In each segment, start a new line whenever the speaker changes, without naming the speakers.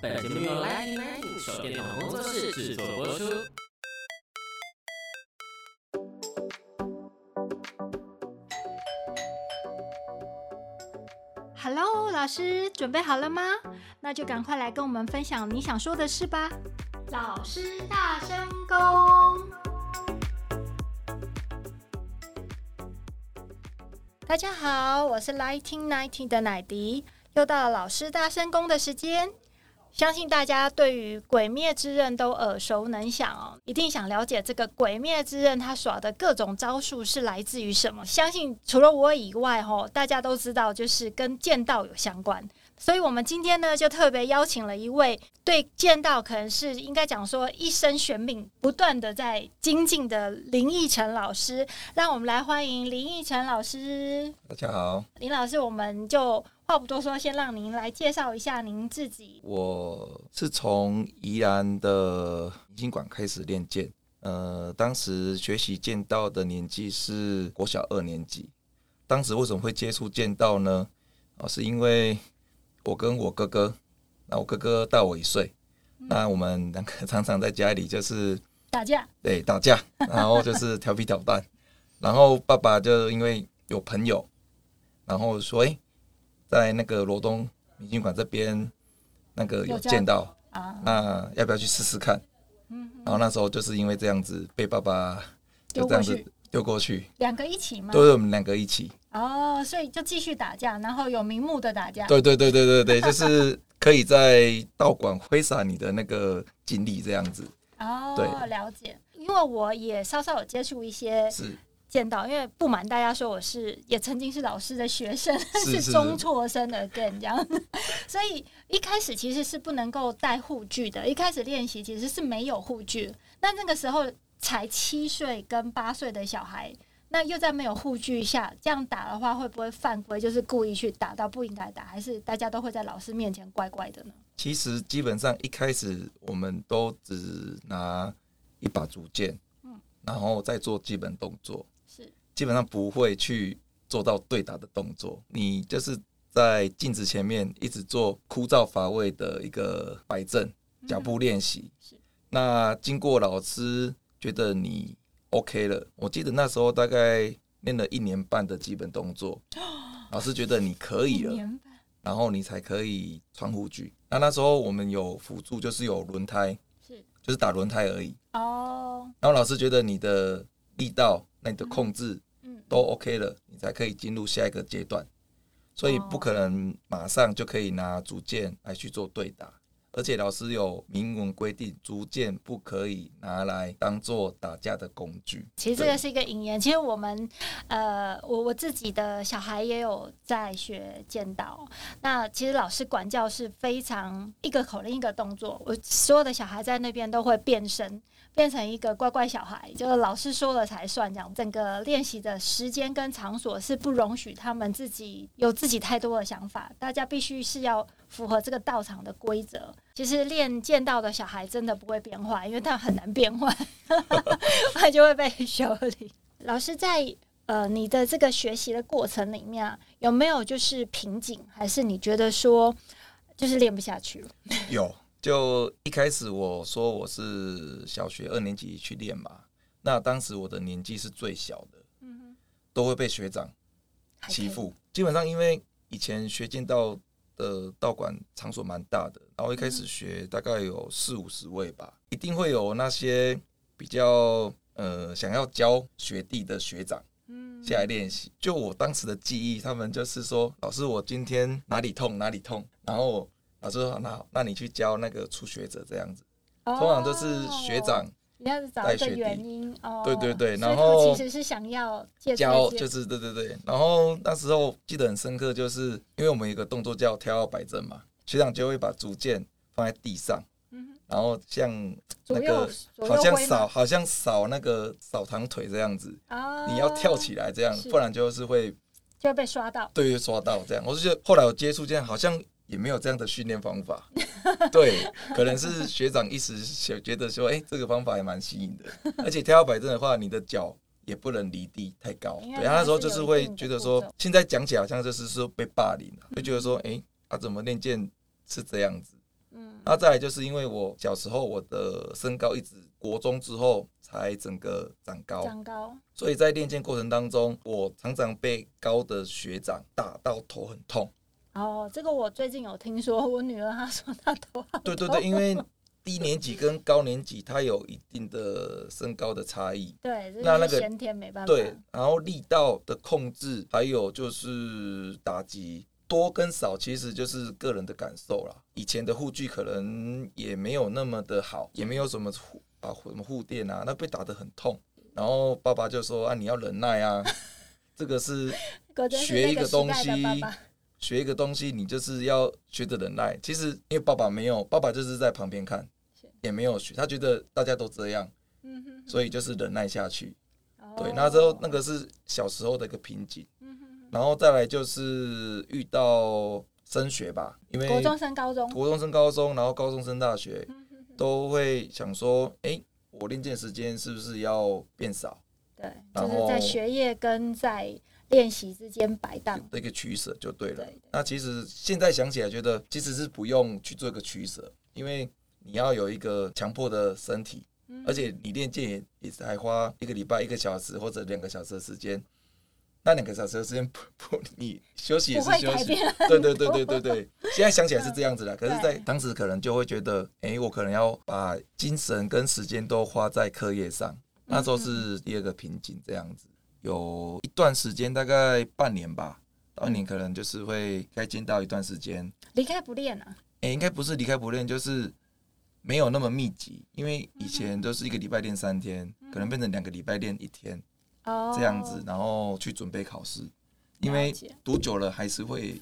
本節目由 Lightning 手電筒工作室製作播出。Hello，老師，準備好了嗎？那就趕快來跟我們分享你想說的事吧。 老師大，大聲公。 大家好，我是 Lighting Ninety 的奶迪。又到了老師大聲公的時間，相信大家對於鬼滅之刃都耳熟能詳哦，一定想了解這個鬼滅之刃他耍的各種招數是來自於什麼？相信除了我以外，哦，大家都知道，就是跟劍道有相關。所以，我們今天呢，就特別邀請了一位對劍道可能是應該講說一生懸命不斷的在精進的林益誠老師，讓我們來歡迎林益誠老師。大家好，林老師，我們就。話不多說，先讓您來介紹一下您自己。
我是從宜蘭的武館開始練劍，呃，當時學習劍道的年紀是國小二年級。當時為什麼會接觸劍道呢？哦、啊，是因為我跟我哥哥，那我哥哥大我一歲，嗯、那我們兩個常常在家裡就是打架，對，打架，然後就是調皮搗蛋， 然後爸爸就因為有朋友，然後說，誒、欸。在那個羅東民進館這邊，那個有見到有啊？那、啊、要不要去試試看？嗯哼，然後那時候就是因為這樣子被爸爸就這樣子丟過去，丟過去，
兩個一起嗎？對我
們兩個一起。
哦，所以就繼續打架，然後有明目的打架。對
對對對對對，就是可以在道館揮灑你的那個精力這樣子。
哦，對，了解，因為我也稍稍有接觸一些。是。見到，因為不瞞大家說，我是也曾經是老師的學生，是，是，是， 是中輟生的 again，這樣，所以一開始其實是不能夠戴護具的。一開始練習其實是沒有護具，那那個時候才七歲跟八歲的小孩，那又在沒有護具下這樣打的話，會不會犯規？就是故意去打到不應該打，還是大家都會在老師面前乖乖的呢？
其實基本上一開始我們都只拿一把竹劍，嗯，然後再做基本動作。基本上不會去做到對打的動作，你就是在鏡子前面一直做枯燥乏味的一個擺正腳步練習。那經過老師覺得你 OK 了，我記得那時候大概練了一年半的基本動作，老師覺得你可以了，然後你才可以穿護具。那那時候我們有輔助，就是有輪胎，是，就是打輪胎而已。哦，然後老師覺得你的力道，那你的控制，都 OK 了，你才可以進入下一個階段，所以不可能馬上就可以拿竹劍來去做對打，而且老師有明文規定，竹劍不可以拿來當做打架的工具。其實這個
是一個引言，其實我們呃，我我自己的小孩也有在學劍道，那其實老師管教是非常一個口令一個動作，我所有的小孩在那邊都會變身。變成一個乖乖小孩，就是老師說了才算這樣。整個練習的時間跟場所是不容許他們自己有自己太多的想法，大家必須是要符合這個道場的規則。其實練劍道的小孩真的不會變壞，因為他很難變壞， 他就會被修理。老師在呃你的這個學習的過程裡面有沒有就是瓶頸，還是你覺得說就是練不下去了？
有。就一開始我說我是小學二年級去練嘛，那當時我的年紀是最小的，嗯哼，都會被學長欺負。基本上因為以前學劍道的道館場所蠻大的，然後一開始學大概有四五十位吧，一定會有那些比較呃想要教學弟的學長，嗯，下來練習。就我當時的記憶，他們就是說，老師我今天哪裡痛哪裡痛，然後。老師、啊、說：“那好，那你去教那個初學者這樣子，
哦、通常都
是學長
帶學弟。哦、對對對，然後其實是
想要教，就是對對對。然後那時候記得很深刻，就是因為我們有一個動作叫跳擺正嘛，學長就會把竹劍放在地上，嗯、哼然後像那個好像掃，好像掃那個掃堂腿這樣子、哦、你要跳起來這樣，不然就是會就
會被刷到，對，
刷到這樣。我就覺得後來我接觸這樣，好像。”也沒有這樣的訓練方法，
對，可能是
學長一時覺得說，誒、 欸，這個方法也蠻吸引的， 而且跳擺正的話，你的腳也不能離地太高。對，他那時候就是會覺得說，現在講起來好像就是說被霸凌了，嗯、就覺得說，哎、欸，他、啊、怎麼練劍是這樣子？嗯，那再來就是因為我小時候我的身高一直，國中之後才整個長高，長高，所以在練劍過程當中，對我常常被高的學長打到頭很痛。
哦，這個我最近有聽說，我女兒她說她都。對對對，因為
低年級跟高年級她有一定的身高的差異。
對， 那那個、就是、先天沒辦法。對，
然後力道的控制，還有就是打擊多跟少，其實就是個人的感受啦。以前的護具可能也沒有那麼的好，也沒有什麼護啊什麼護墊啊，那被打得很痛。然後爸爸就說：“啊，你要忍耐啊， 這個是學一個東西。” 學一個東西，你就是要學着忍耐。其實因為爸爸沒有，爸爸就是在旁邊看，是也沒有學。他覺得大家都這樣，嗯、哼哼所以就是忍耐下去。嗯、哼哼對，那之後那個是小時候的一個瓶頸，嗯、哼哼然後再來就是遇到升學吧，因為國中
升高中，國
中升高中，然後高中升大學，嗯、哼哼都會想說，哎、欸，我練劍時間是不是要變少？對，後就是在學
業跟在。練習之間擺盪
的一個取捨就對了。對對對，那其實現在想起來，覺得其實是不用去做一個取捨，因為你要有一個強迫的身體，嗯、而且你練劍也才花一個禮拜一個小時或者兩個小時的時間。那兩個小時的時間不，不，不，你休息也是休息。對對對對對對，現在想起來是這樣子的。嗯、可是，在當時可能就會覺得，哎對、欸，我可能要把精神跟時間都花在課業上。那時候是第二個瓶頸，這樣子。嗯嗯有一段時間，大概半年吧，
到一年可
能就是會該間到一段時間。
離開不練了、啊？
哎、欸，應該不是離開不練，就是沒有那麼密集。因為以前都是一個禮拜練三天，嗯、哼可能變成兩個禮拜練一天，哦、嗯哼，這樣子，然後去準備考試。哦、因為讀久了，還是會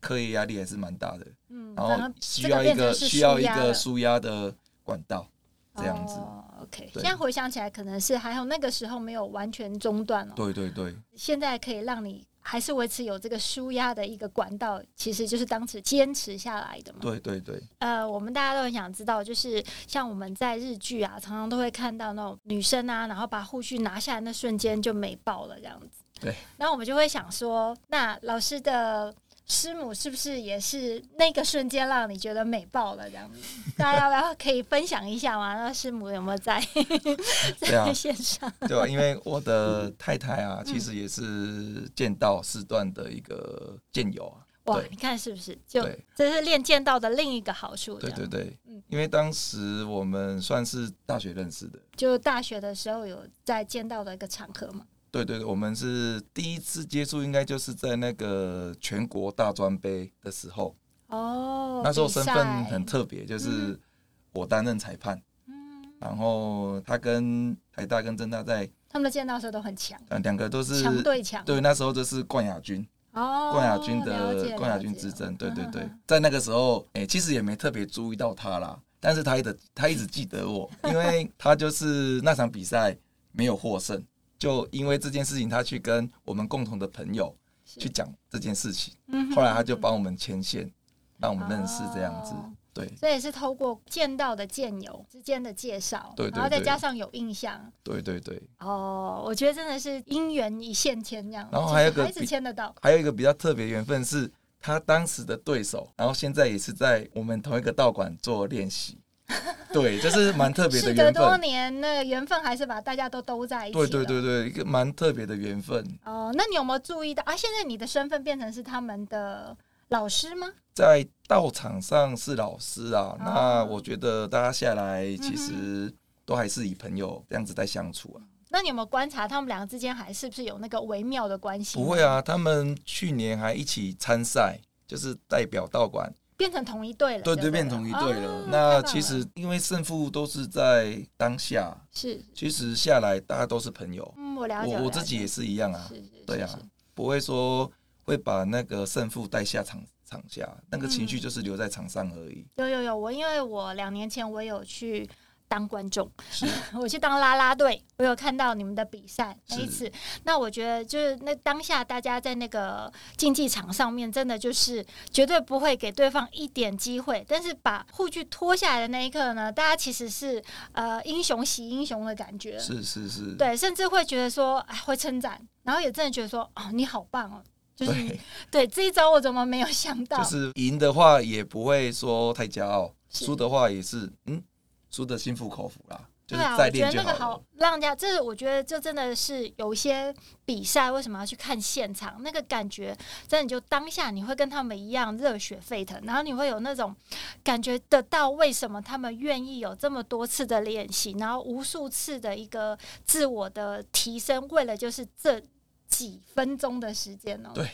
課業壓力還是蠻大的，嗯、然後需要一個,個需要一個紓壓的管道，這樣子。哦 Okay, 對現在回
想起來，可能是還好那個時候沒有完全中斷了喔。
對對對，
現在可以讓你還是維持有這個舒壓的一個管道，其實就是當時堅持下來的嘛。
對對對。
呃，我們大家都很想知道，就是像我們在日劇啊，常常都會看到那種女生啊，然後把護具拿下來那瞬間就美爆了這樣子。對。然後我們就會想說，那老師的。師母是不是也是那個瞬間讓你覺得美爆了？這樣子，大家要不要可以分享一下嗎？ 那師母有沒有在？ 在線上對吧？啊？因
為我的太太啊，嗯、其實也是劍道四段的一個劍友啊。嗯、對哇，你
看是不是？就這是練劍道的另一個好處。對對對，
因為當時我們算是大學認識的，嗯、
就大學的時候有在劍道的一個場合嘛。
對對對，我們是第一次接觸，應該就是在那個全國大專杯的時候
哦。那時候身份很
特別，就是我擔任裁判，嗯、然後他跟台大跟政大在
他們劍道時候都很強，嗯、呃，兩
個都是強強，強對，強對，那時候就是冠亞軍哦，
冠亞軍的冠亞
軍之爭，哦、了解了對對對，了解了在那個時候，哎、欸，其實也沒特別注意到他啦，呵呵但是他一直他一直記得我， 因為他就是那場比賽沒有獲勝。就因為這件事情，他去跟我們共同的朋友去講這件事情，嗯嗯、後來他就幫我們牽線，讓我們認識這樣子。哦、對，
這也是透過劍道的劍友之間的介紹，對對對對，然後再加上有印象。
對，對對對。
哦，我覺得真的是因緣一線牽這樣。然後還
有一個比較特別緣分是，他當時的對手，然後現在也是在我們同一個道館做練習。 對，這、就是蠻特別的緣分。事隔多
年，那緣分還是把大家都兜在一起。對對對
對，一個蠻特別的緣分。
哦，那你有沒有注意到啊？現在你的身份變成是他們的老師嗎？
在道場上是老師啊，哦、那我覺得大家下來其實都還是以朋友這樣子在相處啊。嗯、
那你有沒有觀察他們兩個之間還是不是有那個微妙的關係、啊？不會啊，
他們去年還一起參賽，就是代表道館。
變成同一隊了對了，對，對對，變同一隊了。哦、那其實
因為勝負都是在當下，是，是其實下來大家都是朋友。嗯、我了解我，我自己也是一樣啊，是是是是對啊，不會說會把那個勝負帶下場場下，那個情緒就是留在場上而已。嗯、
有有有，我因為我兩年前我有去。當觀眾，是 我去當啦啦隊，我有看到你們的比賽一次。是那我覺得，就是那當下大家在那個競技場上面，真的就是絕對不會給對方一點機會。但是把護具脫下來的那一刻呢，大家其實是呃英雄惜英雄的感覺，是
是是，對，
甚至會覺得說哎會稱讚，然後也真的覺得說哦、喔，你好棒哦、喔，就是
對，
對這一招我怎麼沒有想到？就是
贏的話也不會說太驕傲，輸是的話也是嗯。輸的心服口服啦、啊，就是再練就好了。對啊，我覺得那個好
讓人家，這是我覺得，這真的是有一些比賽，為什麼要去看現場？那個感覺，真的就當下你會跟他們一樣熱血沸騰，然後你會有那種感覺得到為什麼他們願意有這麼多次的練習，然後無數次的一個自我的提升，為了就是這幾分鐘的時間哦。對。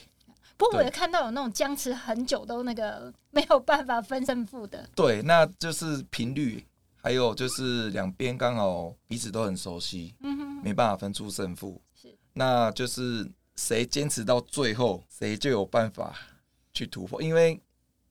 不過我也
看到有那種僵持很久都那個沒有辦法分勝負的，
對，那就是頻率。還有就是兩邊剛好彼此都很熟悉，嗯哼，沒辦法分出勝負，是。那就是誰堅持到最後，誰就有辦法去突破，因為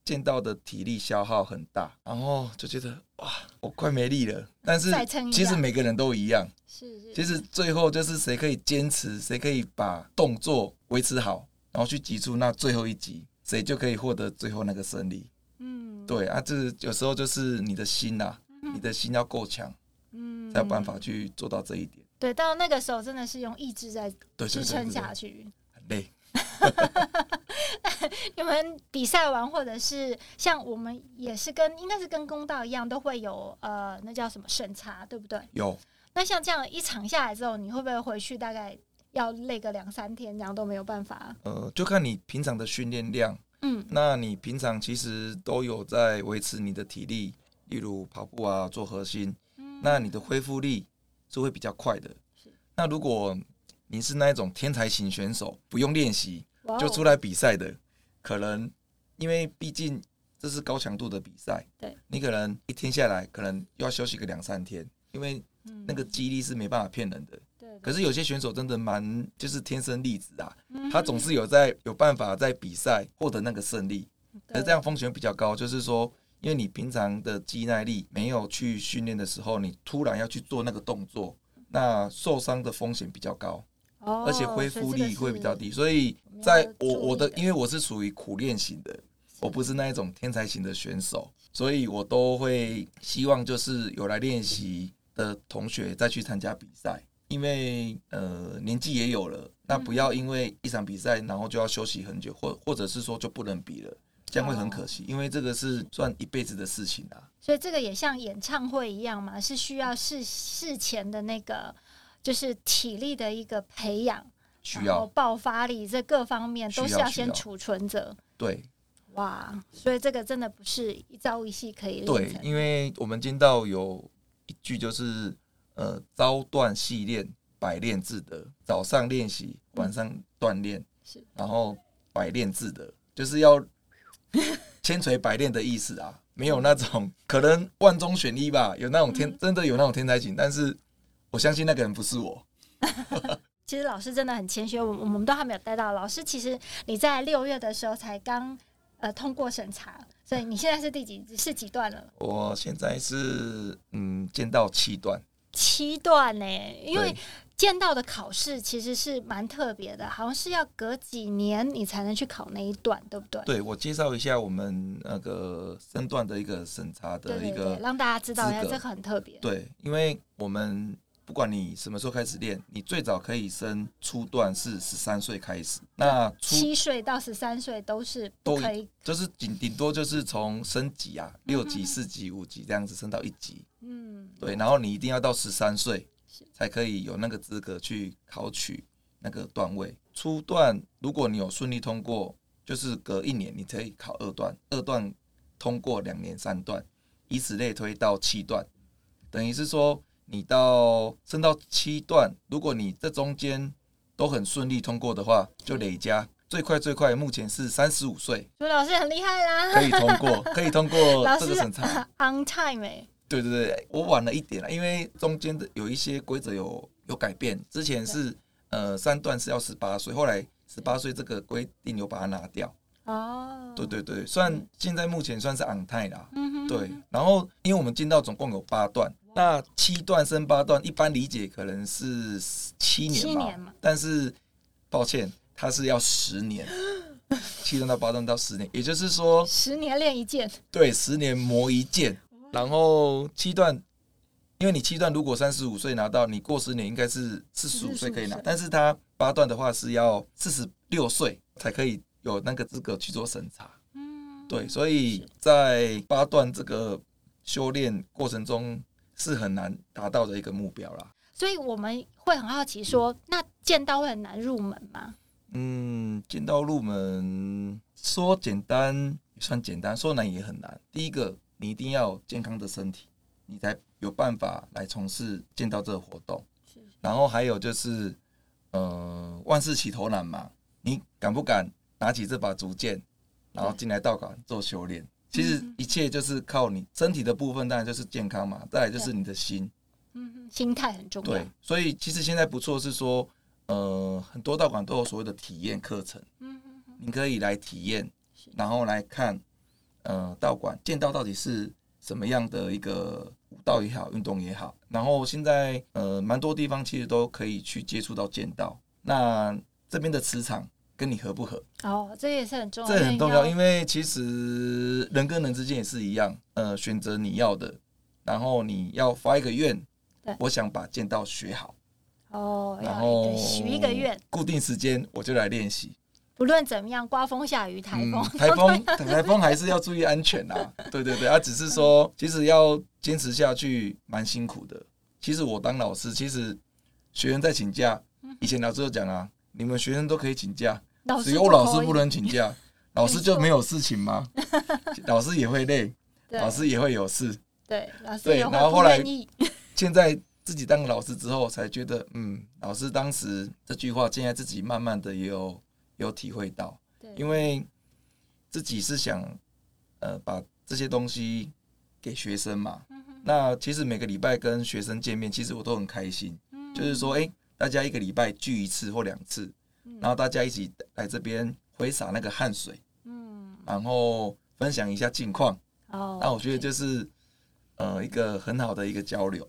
劍道的體力消耗很大，然後就覺得哇，我快沒力了。但是其實每個人都一樣，是。其實最後就是誰可以堅持，誰可以把動作維持好，然後去擠出那最後一擊，誰就可以獲得最後那個勝利。嗯，對啊，就是有時候就是你的心吶、啊。你的心要夠強，
嗯，才有辦法
去做到這一點。
對，到那個時候真的是用意志在
支撐下去，很累。
你們比賽完，或者是像我們也是跟，應該是跟公道一樣，都會有，呃，那叫什麼審查，對不對？有。那像這樣一場下來之後，你會不會回去大概要累個兩三天，然後都沒有辦法？
呃，就看你平常的訓練量。嗯，那你平常其實都有在維持你的體力。例如跑步啊，做核心，嗯、那你的恢復力是會比較快的。是。那如果你是那一種天才型選手，不用練習就出來比賽的，哦、可能因為畢竟這是高強度的比賽，對你可能一天下來可能要休息個兩三天，因為那個肌力是沒辦法騙人的。嗯、對,對。可是有些選手真的蠻就是天生麗質啊，嗯、哼他總是有在有辦法在比賽獲得那個勝利，對可是這樣風險比較高，就是說。因為你平常的肌耐力沒有去訓練的時候，你突然要去做那個動作，那受傷的風險比較高，
而且恢復力會比較
低。所以，在我我的因為我是屬於苦練型的，我不是那一種天才型的選手，所以我都會希望就是有來練習的同學再去參加比賽，因為呃年紀也有了，那不要因為一場比賽然後就要休息很久，或或者是說就不能比了。將會很可惜，因為這個是賺一輩子的事情啊、哦。
所以這個也像演唱會一樣嘛，是需要事事前的那個，就是體力的一個培養，需要爆發力，這各方面都是要先儲存着。對，哇，所以這個真的不是一朝一夕可以練的。對，
因為我們聽到有一句就是，呃，朝鍛夕練，百練自得。早上練習，晚上鍛鍊、嗯，是，然後百練自得，就是要。千錘百鍊的意思啊，沒有那種可能萬中選一吧，有那種天真的有那種天才型，嗯、但是我相信那個人不是我。
其實老師真的很謙虛，我我們都還沒有帶到老師。其實你在六月的時候才剛呃通過審查，所以你現在是第幾是幾段了？
我現在是嗯，劍道七段，
七段呢，因為。劍道的考試其實是蠻特別的，好像是要隔幾年你才能去考那一段，對不對？
對，我介紹一下我們那個升段的一個審查的一個對對對，讓大家知道一下這個很特別。對，因為我們不管你什麼時候開始練，嗯、你最早可以升初段是十三歲開始，那七
歲到十三歲都是都可以
都，就是頂頂多就是從升級啊，六級、四級、五級、嗯、哼這樣子升到一級。嗯，對，然後你一定要到十三歲。才可以有那個資格去考取那個段位。初段如果你有順利通過，就是隔一年你可以考二段，二段通過兩年三段，以此類推到七段。等於是說你到升到七段，如果你這中間都很順利通過的話，就累加。最快最快目前是三十五歲。
朱老師很厲害啦，可以通過，可以通過。這個審查。老師，啊，on time 欸
對對對，我晚了一點了，因為中間的有一些規則有有改變。之前是對呃三段是要十八歲，後來十八歲這個規定有把它拿掉。哦對，對對對，算現在目前算是昂泰了。嗯，哼嗯哼對，然後因為我們進到總共有八段，那七段升八段，一般理解可能是七年吧，七年嘛，但是抱歉，它是要十年。七 段到八段到十年，也就是說十
年練一劍，
對，十年磨一劍。然後七段，因為你七段如果三十五歲拿到，你過十年應該是四十五歲可以拿，四十五歲。但是他八段的話是要四十六歲才可以有那個資格去做審查。嗯，對，所以在八段這個修煉過程中是很難達到的一個目標啦。
所以我們會很好奇說，說、嗯、那劍道會很難入門嗎？嗯，
劍道入門說簡單也算簡單，說難也很難。第一個。你一定要健康的身體，你才有辦法來從事劍道這個活動。是是是，然後還有就是，呃，萬事起頭難嘛，你敢不敢拿起這把竹劍，然後進來道館做修煉？對其實一切就是靠你身體的部分，當然就是健康嘛，再來就是你的心。嗯
嗯，心態很重要。對，
所以其實現在不錯是說，呃，很多道館都有所謂的體驗課程。嗯嗯，你可以來體驗，然後來看。呃，道館劍道到底是什麼樣的一個武道也好，運動也好？然後現在呃，蠻多地方其實都可以去接觸到劍道。那這邊的磁場跟你合不合？哦，這也
是很重要，這很重要，因
為其實人跟人之間也是一樣。呃，選擇你要的，然後你要發一個願，對我想把劍道學好。
哦，然後許一個願，
固定時間我就來練習。
不論怎麼樣，颳風下雨，颱風，颱風、嗯、颱
風還是要注意安全吶、啊。 對對對，啊，只是說，其實要堅持下去蠻辛苦的。其實我當老師，其實學生在請假，以前老師就講啊，你們學生都可以請假，只有老師不能請假，老師就沒有事情嗎？老師也會累，對老師也會有事。對，老師也有對，然後後來，現在自己當老師之後，才覺得，嗯，老師當時這句話，現在自己慢慢的也有有體會到，
對因為
自己是想呃把這些東西給學生嘛。嗯、哼那其實每個禮拜跟學生見面，其實我都很開心。嗯、就是說，哎、欸，大家一個禮拜聚一次或兩次，嗯、然後大家一起來這邊揮灑那個汗水，嗯，然後分享一下近況。哦、嗯，那我覺得就是、哦 okay、呃一個很好的一個交流。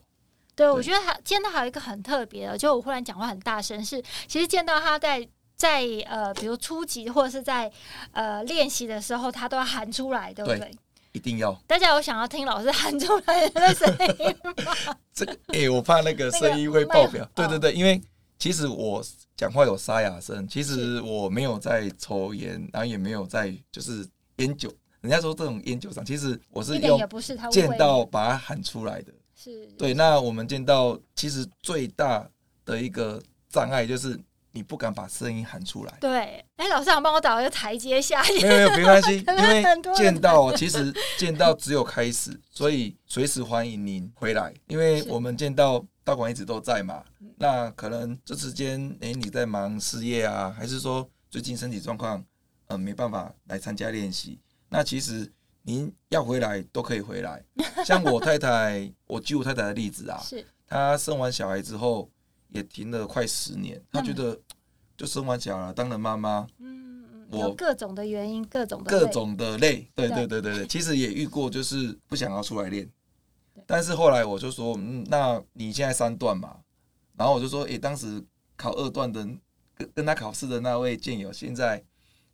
對，對我覺得還見到還有一個很特別的，就我忽然講話很大聲，是其實見到他在，在呃，比如初級或者是在呃練習的時候，他都要喊出來，對不對？對一定要。大家有想要聽老師喊出來的聲
音嗎？ 這哎、欸，我怕那個聲音會爆表。那個、對對對，哦、因為其實我講話有沙啞聲，其實我沒有在抽煙，然後也沒有在就是煙酒。人家說這種煙酒上，其實我是用也不是他劍道把他喊出來的，是對。那我們劍道其實最大的一個障礙就是。你不敢把聲音喊出來？
對，哎、欸，老師想幫我找一個台階下，沒有，沒有，沒關係。因為劍道，其實
劍道只有開始，所以隨時歡迎您回來。因為我們劍道道館一直都在嘛，是那可能這時間，哎、欸，你在忙事業啊，還是說最近身體狀況，嗯、呃，沒辦法來參加練習？那其實您要回來都可以回來。像我太太， 我就舉我太太的例子啊，是她生完小孩之後，也停了快十年，他覺得就生完小孩當了媽媽，嗯，有
各種的原因，各種的各種
的累，對對對對對，其實也遇過，就是不想要出來練，對但是後來我就說，嗯，那你現在三段嘛，然後我就說，哎、欸，當時考二段的跟跟他考試的那位劍友，現在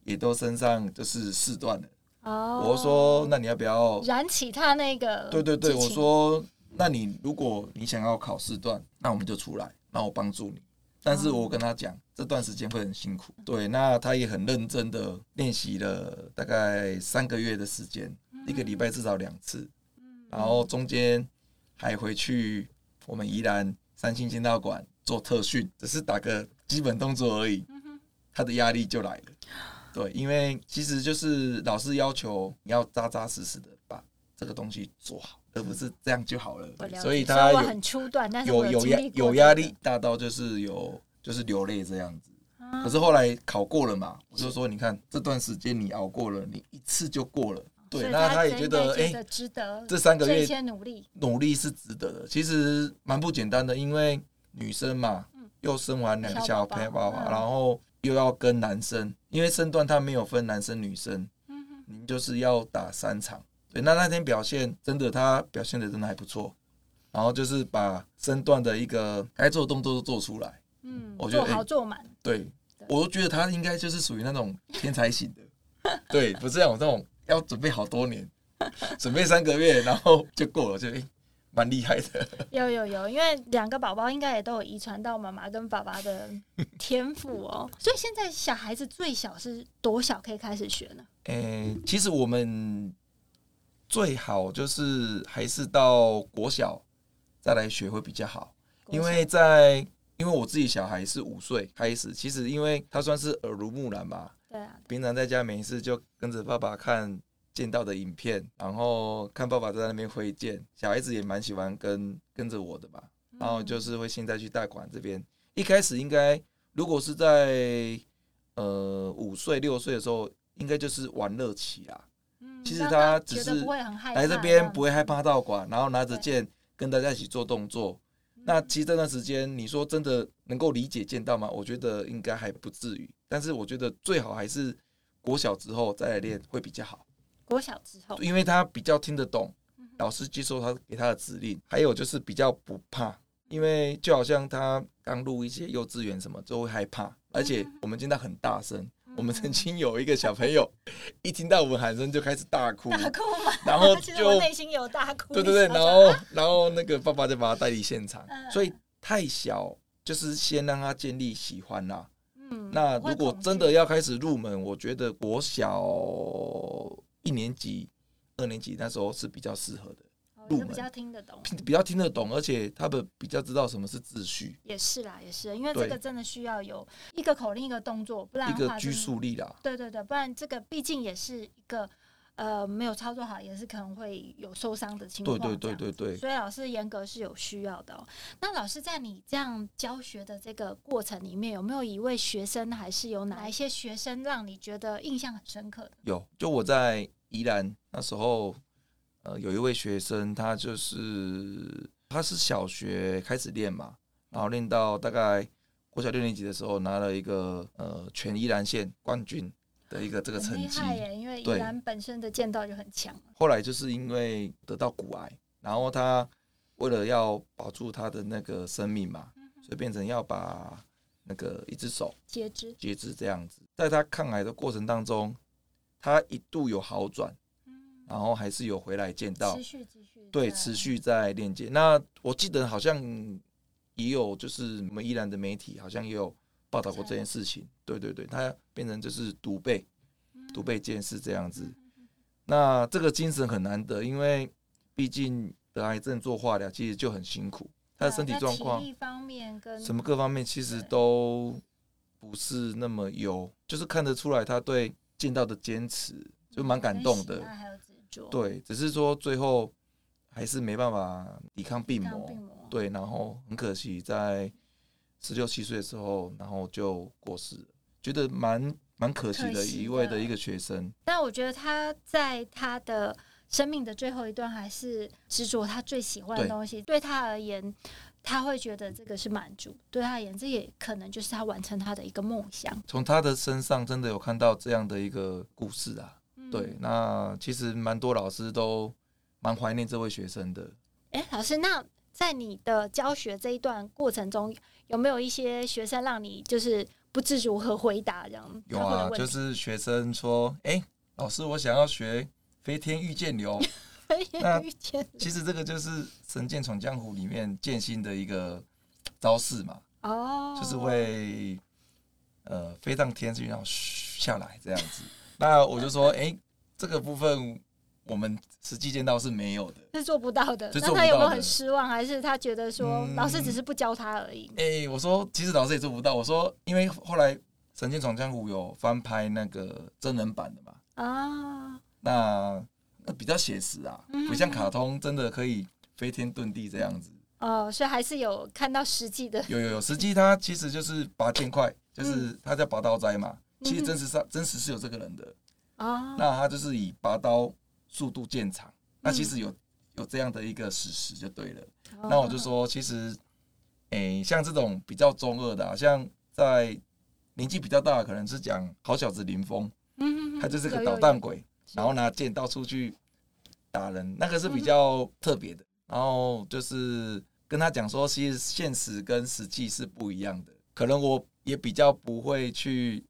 也都升上就是四段了，
哦，我說
那你要不要
燃起他那個？對對對，我說
那你如果你想要考四段，那我們就出來。然後我幫助你，但是我跟他講、啊、這段時間會很辛苦，對，那他也很認真的練習了大概三個月的時間，嗯、一個禮拜至少兩次，然後中間還回去我們宜蘭三星劍道館做特訓，只是打個基本動作而已，他的壓力就來了，對，因為其實就是老師要求你要扎扎實實的。這個東西做好，而不是這樣就好了。所以他有
有壓有壓力
大到就是有就是流淚這樣子。可是後來考過了嘛，我就說你看這段時間你熬過了，你一次就過了。對，那他也覺得哎，
值得。這三個月努力
努力是值得的，其實蠻不簡單的，因為女生嘛，又生完兩個小寶寶然後又要跟男生，因為身段他沒有分男生女生。你就是要打三場。對，那那天表現真的，他表現得真的還不錯，然後就是把身段的一個該做的動作都做出來。
嗯，我覺得做好做滿、
欸。對，對我都覺得他應該就是屬於那種天才型的。 對，不是像我這種要準備好多年， 準備三個月然後就過了，就、欸、蠻厲害的。
有有有，因為兩個寶寶應該也都有遺傳到媽媽跟爸爸的天賦哦， 所以現在小孩子最小是多小可以開始學呢？呃、
欸，其實我們。最好就是還是到國小再來學會比較好，因為在因為我自己小孩是五歲開始，其實因為他算是耳濡目染吧。對啊，平常在家沒事就跟着爸爸看劍道的影片，然後看爸爸在那邊揮劍，小孩子也蠻喜歡跟跟着我的吧。然後就是會現在去道館這邊，一開始應該如果是在呃五歲六歲的時候，應該就是玩樂期啊。其實他只是來這邊不會害怕道館，然後拿着劍跟大家一起做動作。那其實這段時間，你說真的能夠理解劍道嗎？我覺得應該還不至於。但是我覺得最好還是國小之後再來練會比較好。
國小
之後，因為他比較聽得懂，老師接受他給他的指令，還有就是比較不怕。因為就好像他剛入一些幼稚園什麼，就會害怕，而且我們劍道很大聲。我們曾經有一個小朋友，一聽到我們喊聲就開始大哭，大哭嘛，
然後其實我內心有大哭，對對對，然後
然後那個爸爸就把他帶離現場，所以太小就是先讓他建立喜歡啦。嗯，那如果真的要開始入門，我覺得國小一年級、二年級那時候是比較適合的。
比較聽得懂
啊，比較聽得懂，而且他們比較知道什麼是秩序。
也是啦，也是，因為這個真的需要有一個口令一個動作，不然的話真的一個拘束力啦。對對對，不然這個畢竟也是一個呃，沒有操作好也是可能會有受傷的情況。對，對對對對對，所以老師嚴格是有需要的喔。那老師在你這樣教學的這個過程裡面，有沒有一位學生，還是有哪一些學生讓你覺得印象很深刻的？
有，就我在宜蘭那時候。呃，有一位學生，他就是他是小學開始練嘛，然後練到大概國小六年級的時候，拿了一個呃全宜蘭縣冠軍的一個這個成績。厲害耶！因為宜蘭
本身的劍道就很強。
後來就是因為得到骨癌，然後他為了要保住他的那個生命嘛，所以變成要把那個一隻手截肢，截肢這樣子。在他抗癌的過程當中，他一度有好轉。然後還是有回來劍道，對，持續在練劍。那我記得好像也有，就是我們依然的媒體好像也有報道過這件事情。對對對，他變成就是獨臂，獨臂劍士這樣子。那這個精神很難得，因為畢竟得癌症做化療，其實就很辛苦。他的身體狀況、什麼各方面其實都不是那麼有，就是看得出來他對劍道的堅持就蠻感動的。對，只是說最後還是沒辦法抵抗病魔，病魔對，然後很可惜，在十六七歲的時候，然後就過世了，覺得蠻蠻可惜的一位的、的一個學生。
但我覺得他在他的生命的最後一段，還是執着他最喜歡的東西，對，對他而言，他會覺得這個是滿足，對他而言，這也可能就是他完成他的一個夢想。
從他的身上，真的有看到這樣的一個故事啊。對，那其實蠻多老師都蠻懷念這位學生的。
哎、欸，老師，那在你的教學這一段過程中，有沒有一些學生讓你就是不知如何回答這樣？有啊，就是
學生說：“哎、欸，老師，我想要學飛天御劍流。 遇見”
飛天御劍，
其實這個就是《神劍闖江湖》裡面劍心的一個招式嘛。哦，就是會呃飛上天，然後下來這樣子。 那我就說，哎、欸，這個部分我們實際見到是沒有的，
是做不到的。就做不到的。那他有沒有很失望，還是他覺得說老師只是不教他而已？哎、嗯
嗯欸，我說其實老師也做不到。我說因為後來《神劍闖江湖》有翻拍那個真人版的嘛，啊那，那比較寫實啊，嗯、不像卡通真的可以飛天遁地這樣子。
哦，所以還是有看到實際的，
有有有實際，他其實就是拔劍快，就是他叫拔刀齋嘛。嗯其實真實上，嗯、哼真實是有這個人的，
啊，那
他就是以拔刀速度見長。嗯，那其實有有這樣的一個史實，實就對了。啊，那我就說，其實，誒，欸，像這種比較中二的，啊，像在年紀比較大的，可能是講好小子林峰，
嗯哼，他就是個搗蛋
鬼，嗯，哼然後拿劍到處去打人，嗯，哼那個是比較特別的。然後就是跟他講說，其實現實跟實際是不一樣的。可能我也比較不會去。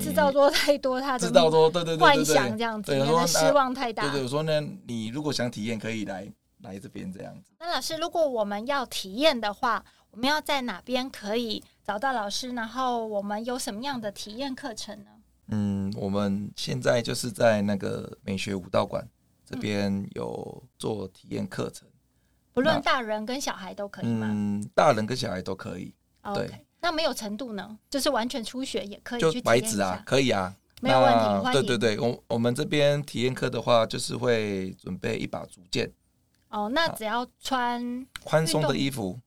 製造多
太多，他制造多對對對幻想這樣子，因為失望太大。對對,對對，我
說呢，你如果想體驗，可以來來這邊這樣
子。那老師，如果我們要體驗的話，我們要在哪邊可以找到老師？然後我們有什麼樣的體驗課程呢？嗯，
我們現在就是在那個躾學武道館這邊有做體驗課程，嗯、
不論大人跟小孩都可以嗎？嗯，
大人跟小孩都可以。Okay. 對。
那沒有程度呢？就是完全初學也可以去體驗一下？就是白
紙啊，可以啊，沒有問題。啊、對對對，我、嗯、我們這邊體驗課的話，就是會準備一把竹劍。
哦，那只要穿寬鬆的衣服，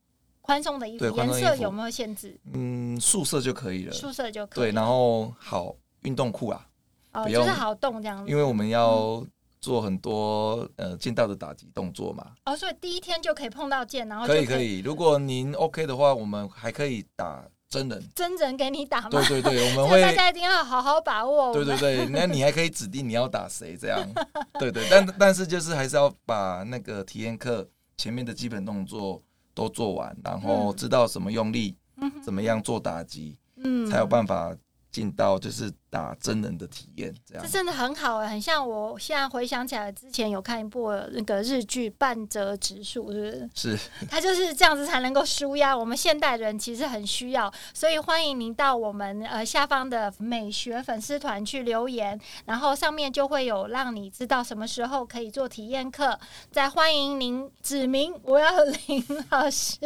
寬鬆的衣服，顏色有沒有限制？
嗯，素色就可以了，素色就可以了。對。然後好運動褲啊，
哦，用就是好動這樣，因為我們
要做很多呃劍道的打擊動作嘛，
哦，所以第一天就可以碰到劍，然後可以，可以可
以。如果您 OK 的話，我們還可以打真人，
真人給你打嗎？對對對，我們會大家一定要好好把握。對對對，那你
還可以指定你要打誰這樣？ 對，對對，但但是就是還是要把那個體驗課前面的基本動作都做完，然後知道什麼用力，嗯、哼怎麼樣做打擊，嗯，才有辦法。劍道就是打真人的體驗，這樣
這真的很好啊，很像我現在回想起來，之前有看一部那個日劇《半澤直樹》，是不是？是。他就是這樣子才能夠舒壓，我們現代人其實很需要，所以歡迎您到我們呃下方的躾學粉絲團去留言，然後上面就會有讓你知道什麼時候可以做體驗課。再歡迎您指名我要林老師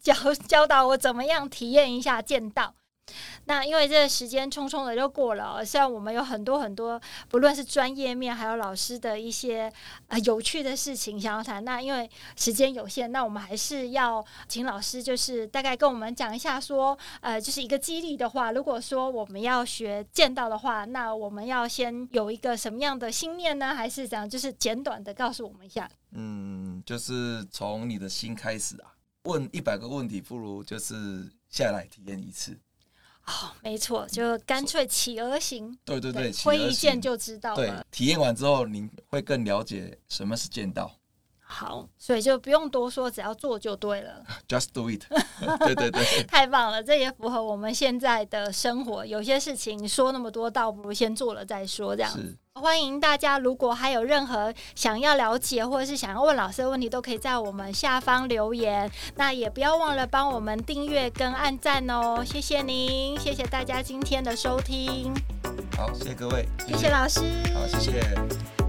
教教導我怎麼樣體驗一下劍道。那因為這個時間匆匆的就過了。哦，雖然我們有很多很多，不論是專業面還有老師的一些呃有趣的事情想要談。那因為時間有限，那我們還是要請老師，就是大概跟我們講一下說，說呃，就是一個激勵的話。如果說我們要學劍道的話，那我們要先有一個什麼樣的信念呢？還是怎樣？就是簡短的告訴我們一下。嗯，
就是從你的心開始啊。問一百個問題，不如就是下來體驗一次。
哦、沒錯，就乾脆起而行，對對對，揮對一劍就知道了。對，
體驗完之後，您會更了解什麼是劍道。好，
所以就不用多說，只要做就對了。
Just do it。 對，對對對，
太棒了，這也符合我們現在的生活。有些事情說那麼多，倒不如先做了再說，這樣子。歡迎大家，如果還有任何想要了解或者是想要問老師的問題，都可以在我們下方留言。那也不要忘了幫我們訂閱跟按讚哦，謝謝您，謝謝大家今天的收聽。
好，謝謝各位，謝
謝，謝謝老師，
好，謝謝。